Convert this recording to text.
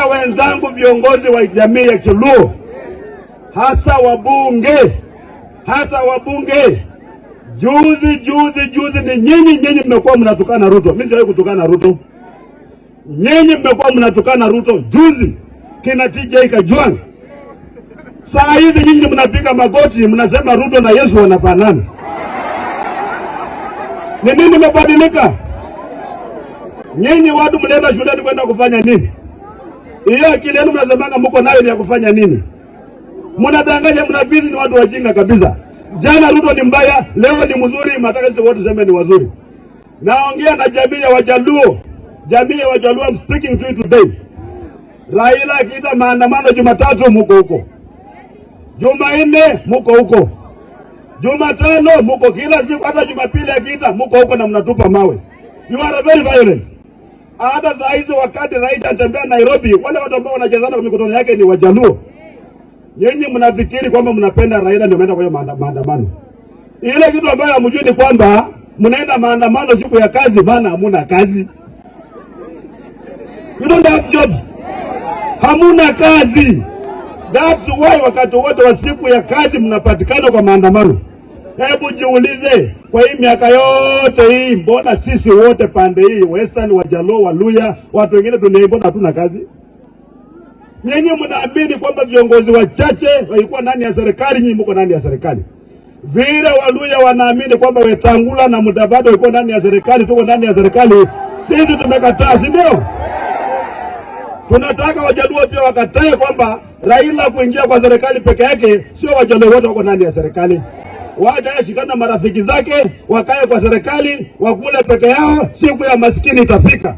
kuambia wenzangu viongozi wa jamii ya Kiluo, hasa wabunge, hasa wabunge. Juzi juzi juzi ni nyinyi nyinyi mmekuwa mnatukana Ruto. Mimi siwahi kutukana Ruto, nyinyi mmekuwa mnatukana Ruto juzi, kina TJ Kajwang. Saa hizi nyinyi mnapiga magoti, mnasema Ruto na Yesu wanafanana. Ni nini imebadilika? Nyinyi watu mlienda shuleni kwenda kufanya nini? Hiyo akili yenu mnasemanga mko nayo ni ya kufanya nini? Mnadanganya, mnabizi, ni watu wajinga kabisa. Jana Ruto ni mbaya, leo ni mzuri, mataka sisi wote tuseme ni wazuri. Naongea na jamii ya Wajaluo, jamii ya Wajaluo, I'm speaking to you today. Raila akiita maandamano Jumatatu, mko huko. Jumanne mko huko. Jumatano mko kila siku, hata Jumapili akiita mko huko na mnatupa mawe. You are very violent. Hata saa hizi wakati rais atembea Nairobi, wale watu ambao wanachezana kwa mikutano yake ni Wajaluo. Nyinyi mnafikiri kwamba mnapenda Raila ndio mnaenda kwa maandamano. Ile kitu ambayo hamjui ni kwamba mnaenda maandamano siku ya kazi, maana hamuna kazi. You don't have job, hamuna kazi. That's why wakati wote wa siku ya kazi mnapatikana kwa maandamano. Hebu jiulize, kwa hii miaka yote hii, mbona sisi wote pande hii Western, Wajaluo, Waluya, watu wengine dunia, mbona hatuna kazi? Nyinyi mnaamini kwamba viongozi wachache walikuwa ndani ya serikali, nyinyi mko ndani ya serikali. Vile Waluya wanaamini kwamba Wetangula na Mudavadi walikuwa ndani ya serikali, tuko ndani ya serikali. Sisi tumekataa, si ndio? Tunataka Wajaluo pia wakatae kwamba Raila kuingia kwa serikali peke yake, sio Wajaluo wote wako ndani ya serikali waje ashikana marafiki zake, wakae kwa serikali, wakule peke yao. Siku ya maskini itafika.